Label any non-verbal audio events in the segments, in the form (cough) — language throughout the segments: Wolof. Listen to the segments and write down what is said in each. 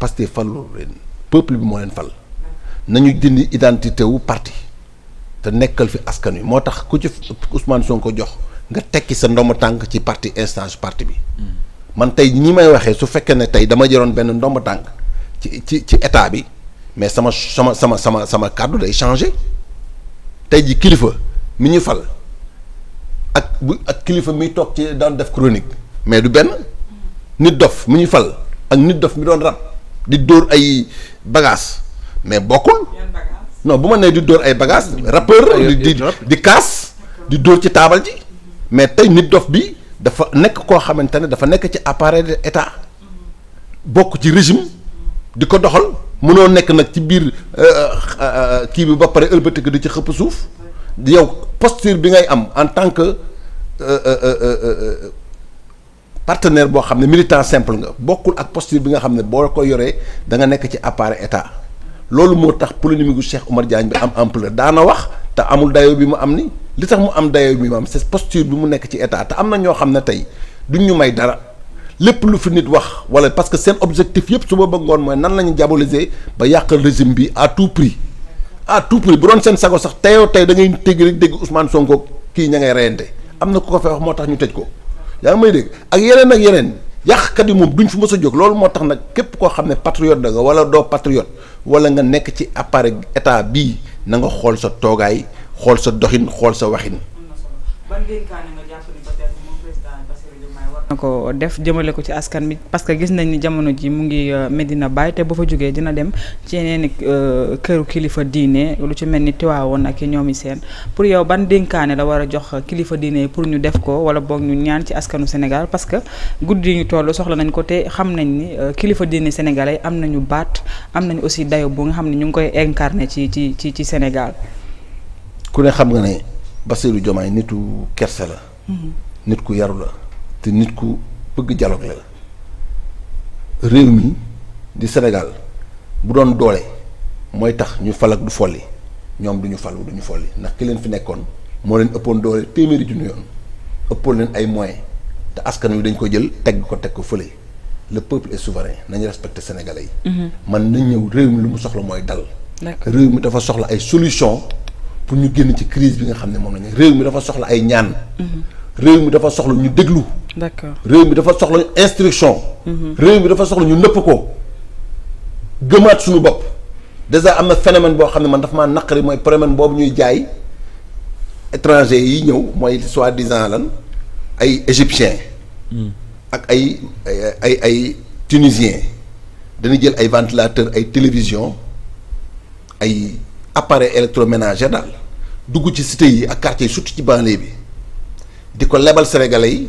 Pastef falul leen peuple bi moo leen fal nañu dindi identité wu parti te nekkal fi askan wi moo tax ku ci Ousmane Sonko jox nga tekki sa ndomba tànk ci parti instance parti bi man tey ñi may waxee su fekkee ne tey dama jëroon benn ndomba tànk ci ci ci état bi mais sama sama sama sama sama kàddu day changé tey ji kilifa mi ñu fal ak bu ak kilifa mi toog ci daan def chronique mais du benn nit dof mi ñu fal ak nit dof mi doon rab di dóor ay bagages mais bokkul. non bu ma ne di dóor ay bagages. rappeur di di di kaas. di dóor ci taabal ji. mais tey nit dof bi dafa nek ko xamantene dafa nek ci appareil d'état état ci régime di ko doxal mënoo nek nak ci bir euh, euh ki bi ba paré ëlbatik di ci xëpp suuf yow posture bi ngay am en tant que. euh euh euh, euh, euh Partner bo xam militant simple nga bokul ak posture bi nga xam bo ko yoré da nga nek ci appareil état lolou motax polémique gu Cheikh Oumar Diagne bi am ampleur na wax ta amul dayo bi mu am ni li tax mu am dayo bi mu am c'est posture bi mu nek ci état ta amna na ñoo tay duñ ñu may dara lepp lu fi nit wax wala parce que sen objectif yépp su booba ngoon mooy nan lañu diaboliser ba yàqal régime bi à tout prix à tout prix bu doon sen sago sax tayo tay da ngay dégg rek dégg Ousmane Sonko ki ñay ngay reyante ko fay wax motax ñu tejj ko yaa ngi may dégg ak yeneen ak yeneen yàqkat yi moom duñ fi mës a jóg loolu moo tax nag képp koo xam ne patriote danga nga wala doo patriote wala nga nekk ci appareil état bii na nga xool sa toogaay xool sa doxin xool sa waxin. na ko def jëmale ko ci askan bi parce que gis nañ ni jamono ji mu ngi euh, Medina Baye te bu fa jógee dina dem ci yeneen euh, këru kilifa diine lu ci mel ni Tiwaawoon ak ñoom yi seen pour yow ban dénkaane la war a jox kilifa diine pour ñu def ko wala boog ñu ñaan ci askanu Sénégal parce que guddi yi ñu toll soxla nañ ko te xam nañ ni euh, kilifa diine sénégalais am na ñu baat am nañu aussi dayo bu nga xam ne ñu ngi koy incarné ci ci ci ci Sénégal. ku ne xam nga ne Bassirou Diomaye nitu kerse la. Mm-hmm. la. te nit ku bëgg dialogue la réew mi di Sénégal bu doon doole mooy tax ñu fal ak du folli ñoom duñu ñu falu du ñu folli ndax ki leen fi nekkoon moo leen ëppoon doole téeméeri junni yoon ëppoon leen ay moyens te askan wi dañ ko jël teg ko teg ko fële le peuple est souverain nañu respecté sénégalais yi. Mm-hmm. man nañ ñëw réew mi lu mu soxla mooy dal. réew mi dafa soxla ay solution pour ñu génn ci crise bi nga xam ne moom la réew mi dafa soxla ay ñaan. Mm-hmm. réew mi dafa soxla ñu déglu. d'accord réew mi dafa soxla instruction. Mhm. réew mi dafa soxla ñu nëpp ko gëmaat suñu bop déjà am na phénomène boo xam ne man dafa maa naqari mooy phénomène boobu ñuy jaay étranger yi ñëw mooy soi-disant lan ay égyptiens. Mhm. ak ay ay ay tunisiens dañuy jël ay ventilateurs ay télévision ay appareils électroménagers dal dugg ci cité yi ak quartier yi surtout ci banlieue bi di ko sénégalais yi.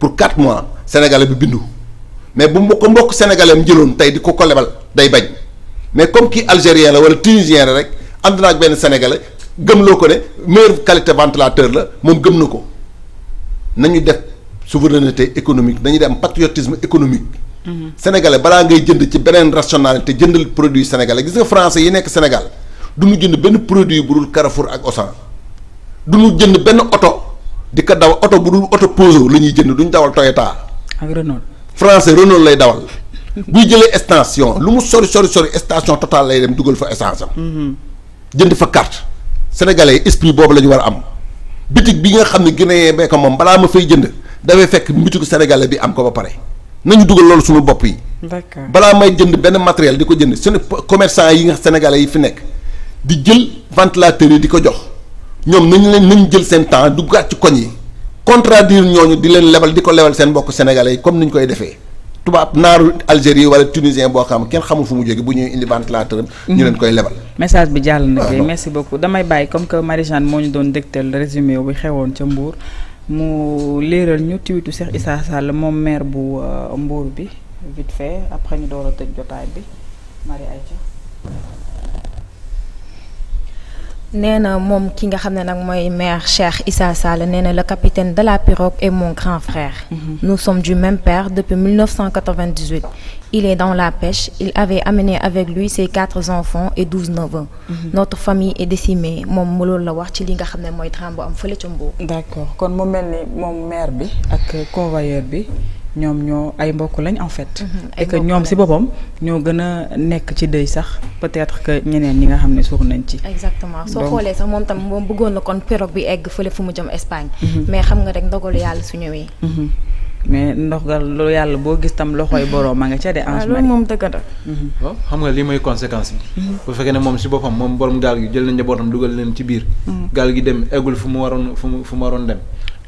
pour quatre mois sénégalais bi bindu mais bu beaucoup sénégalais sénégalais mu jëloon tey du ko day bañ mais comme qui algérien la wala tunisien la rek ànd naa sénégalais gëmloo ko ne meilleur qualité ventilateur la moom gëm na nañu def souveraineté économique nañu dem patriotisme économique. Mhm. sénégalais balaa ngay jënd ci beneen rationalité jëndal produit sénégalais gis nga français yi que Sénégal du ñu jënd produit bu Carrefour ak Auchan du ñu jënd benn auto. di ko daw oto bu dul oto Peugeot la ñuy jënd duñ dawal Toyota. ak Renault. français Renault lay dawal. buy jëlee station lu mu sori sori sori station Total lay dem dugal fa essence am. Mhm. jënd fa carte. sénégalais esprit boobu la ñu war a am. bitig bi nga xam ne Guinéen bee ko moom balaa ma fay jënd dafay fekk bitigu sénégalais bi am ko ba pare nañu dugal loolu suma bopp yi. d'accord balaa may jënd benn matériel di ko jënd suñu commerçant yi nga sénégalais yi fi nekk di jël ventilateur yi di ko jox. ñoom nañ leen nañ jël seen temps duggaat ci koñ yi contradire ñooñu di leen lebal di ko lebal seen mbokk sénégalais yi comme ni koy defee tubaab naaru Algérie wala tunisien boo xam kenn xamul fu mu jógee bu ñuy indi ventilateur ñu leen koy lebal. Mm-hmm. message bi jàll na kay ah, merci beaucoup damay bàyyi comme que Marie-Jeanne moo ñu doon dégtal résumé bi xewoon ca Mbour mu leeral ñu tiwitu Cheikh Issa Sall moom maire bu euh, Mbour bi vite fait après ñu door a tëj jotaay bi Marie Aïcha nee na moom ki nga xam ne nag maire Cheikh Issa Sall nee le capitaine de la pirogue est mon grand frère. Mhm. nous sommes du même père depuis 1998. il est dans la pêche il avait amené avec lui ses quatre enfants et douze neveux. Mhm. notre famille est décimée moom mu la wax ci li nga xam ne mooy drame bu am fële ca mbo d' kon mu maire bi ak convoyeur bi. ñoom ñoo ay mbokk lañ en fait. Mhm, et ñoom si boppam ñoo gën a nekk ci dëy sax peut-être que ñeneen ñi nga xam ne suux nañ ci. exactement soo xoolee sax moom tam moom bëggoon na kon pirogue bi egg fële fu mu jëm Espagne. Mhm. mais xam nga rek ndogalu yàlla su ñëwee. Mhm. mais ndogal lu yàlla boo gis tam loxooy boroom a nga ca de. Ah, en loolu moom dëgg la. xam nga lii mooy conséquence bi. bu fekkee ne moom si boppam moom borom gaal gi jël na njabootam dugal leen ci biir. gaal gi mu waroon fu mu fu mu waroon dem.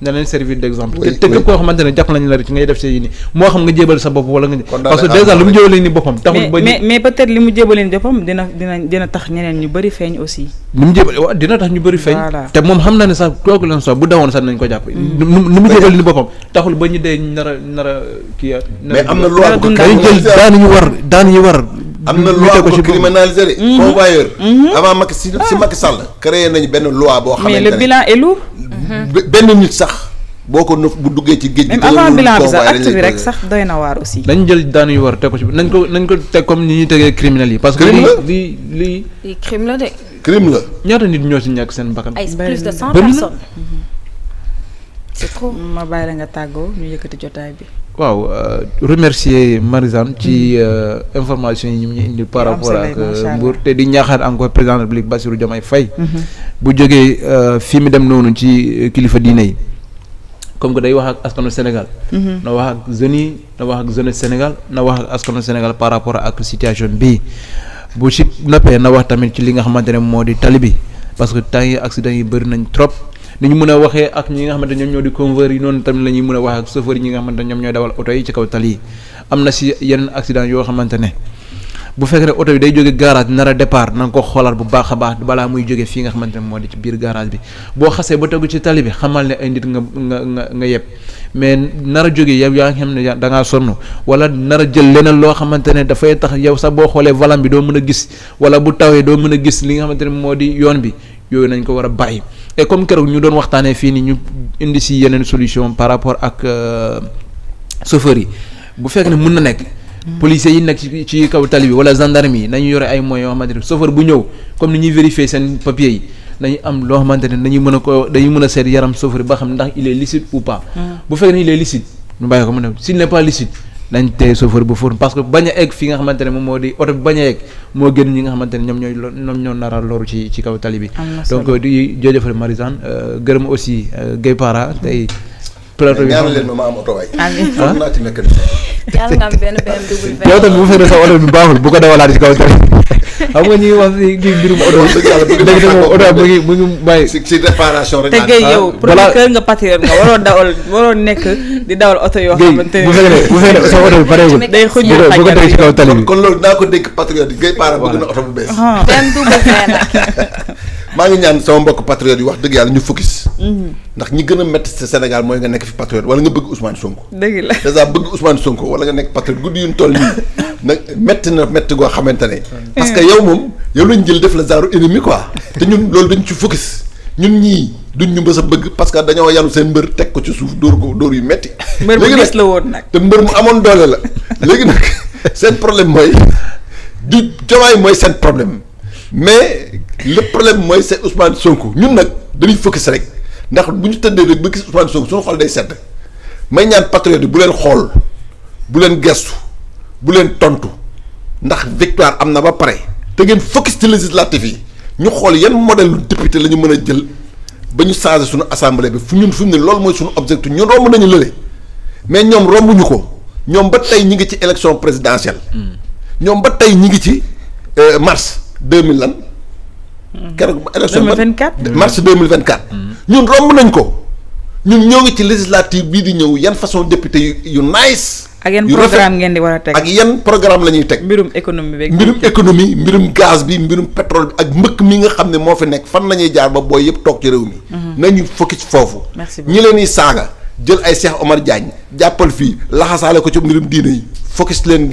na leen servir d' exemple te te koo xamante ne jàpp nañ la ci ngay def see yi ni moo xam nga jébal sa bopp wala nga parce que dèjà lu mu jébalee tax ñeneen ñu bëri feeñ aussi li tax ñu bëri feeñ te moom xam na ne sax toogu leen sax bu dawoon sax nañ ko jàpp mm. lu mu jébale ni boppam taxul ba ñu dee nar a nar a kii mais am na loi dañu jël daan ñu war daan ñu war am na loi bu criminalisé de. Mhm. convoyeur. Mhm. avant Macky si si ah. Macky Sall. créé nañu benn loi boo. xamante ne le bilan est lourd. benn nit sax. boo ko nëf bu duggee ci géej gi. même avant bilan bi sax acte bi rek sax doy na waar aussi. dañ jël daanuy war teg ko bi nañ ko nañ ko teg comme ni ñu tegee criminel yi. parce que lii lii lii. lii crime la de. crime la. ñaata nit ñoo ci ñàkk seen bakkan. ay plus de cent personnes. Mhm. c'est trop. ma bàyyi la nga tàggoo ñu yëkkati jotaay bi. waaw euh, remercier Marisane ci mm-hmm. euh, information yi ñu indi par rapport ak euh, Mbour te di ñaaxaat encore président de la République Bassirou mm-hmm. bu jógee fii mu dem noonu ci kilifa diine yi comme que day wax ak askanu Sénégal mm-hmm. na wax ak yi na wax na wax ak askanu Sénégal par rapport ak situation bii bu ci noppee na wax tamit ci li nga xamante ne moo di tali bi parce que temps yi accident yi bëri nañ trop li ñu mën a waxee ak ñi nga xamante ñoom ñoo di conveur noonu tamit la ñuy mën a wax ak chauffeur yi ñi nga xamante dawal oto yi ci kaw tali yi am na si yenn accident yoo xamante ne bu fekkee oto bi day jóge garage nar a départ na ko xoolal bu baax a baax balaa muy jóge fii nga xamante moo di ci biir garage bi boo xasee ba tegu ci tali bi xamal ne ay nit nga nga nga nga yeb mais nar a jóge yow yaa ngi xam ne da ngaa sonn wala nar a jël leneen loo xamante ne dafay tax yow sax boo xoolee volant bi doo mën a gis wala bu tawee doo mën a gis li nga xamante ne moo di yoon bi yooyu nañ ko war a bàyyi et comme keroog ñu doon waxtaanee fii ni ñu indi si yeneen solution par rapport ak euh, chauffeurs yi bu fekk ne mun na nekk. Hmm. policiers yi nekk ci ci kaw tali bi wala gendarmerie yi nañu yore ay moyens yoo xamante ne bu ñëw comme ni ñuy vérifier seen papier yi nañu am loo xamante ne nañu mën a ko dañu mën a seet yaram chauffeur ba xam ndax il est ou pas. Hmm. bu fekkee ne il est licite ñu bàyyi mu ne s'il n'est pas licite. nañ tey chauffeur bu fóon parce que bañ a egg fi nga xamante ne moom moo di oto bi bañ a egg moo gën ñi nga xamante ne ñoom ñooy ñoom ñoo nara loru ci ci kaw tali bi donc di jërëjëfal Marisane euh, gërëm aussi euh, Guèye Para tey plateau bi ñaanal leen ma ma am oto waay naa ci mécanicien yow tamit bu fekkee sa oto bi baaxul bu ko dawalaat ci kaw tali xam nga ñuy wax ni mbirum oto. dëgg la moom oto mu ngi mu ngi bàyyi. si si réparation rek. te nga patriote nga waroo dawal waroo nekk di dawal oto yoo. xamante ne bu fekkee bu fekkee sa oto bi pareegul. day xuj bu ko teg ci kaw tali bi. kon loolu naa ko dégg patriote Guèye Paar bëgg na oto bu bees. benn du bu maa ngi ñaan sama mbokk patriote yi wax dëgg yàlla ñu focus. Mhm. ndax ñi gën a métti ci Sénégal mooy nga nekk fi patriote wala nga bëgg Ousmane Sonko. dëgg la dèjà bëgg Ousmane Sonko wala nga nekk patriote guddi yu ñu toll nii (laughs) nag métti goo xamante ne. parce yow moom yow lañ jël def la genre ennemi quoi (laughs) te ñun ci focus ñun ñii. duñ ñu mës a bëgg parce que dañoo yanu seen mbër teg ko ci suuf dóor ko dóor yu metti (laughs) mbër bu gis woon nag te mbër mu amoon doole la léegi nag seen problème mooy di jomaay mooy seen problème mais le problème moi c'est Ousmane Sonko nous que dañuy focus rek ndax buñu Nous rek ba gis Ousmane Sonko suñu xol day may ñaan patriote bu bu gestu bu tontu ndax victoire ba nous te ngeen focus ci législatif yi ñu xol yeen modèle député la nous jël ba ñu suñu assemblée bi fu ñun fu ne suñu objectif ñu romb mais ñom rombu ñuko ñom ba ñi ngi ci élection présidentielle Nous hmm. ba tay ñi ngi euh, mars deux mille lan. Hmm. keroog élection ba 2024 mars 2024. Hmm. ñun romb nañ ko ñun ñoo ngi ci législative bii di ñëw yan façon député yu yu nice. ak yan programme ngeen di war a teg yan programme la ñuy teg. mbirum économie beeg mbirum économie mbirum gaz bi mbirum pétrole bi ak mbëkk mi nga xam ne moo fi nekk fan la ñuy jaar ba booy yëpp toog ci réew mi. Hmm. nañu focus foofu. ñi leen di saaga jël ay seex Omar Diagne jàppal fii laxasaale ko ci mbirum diine yi focus leen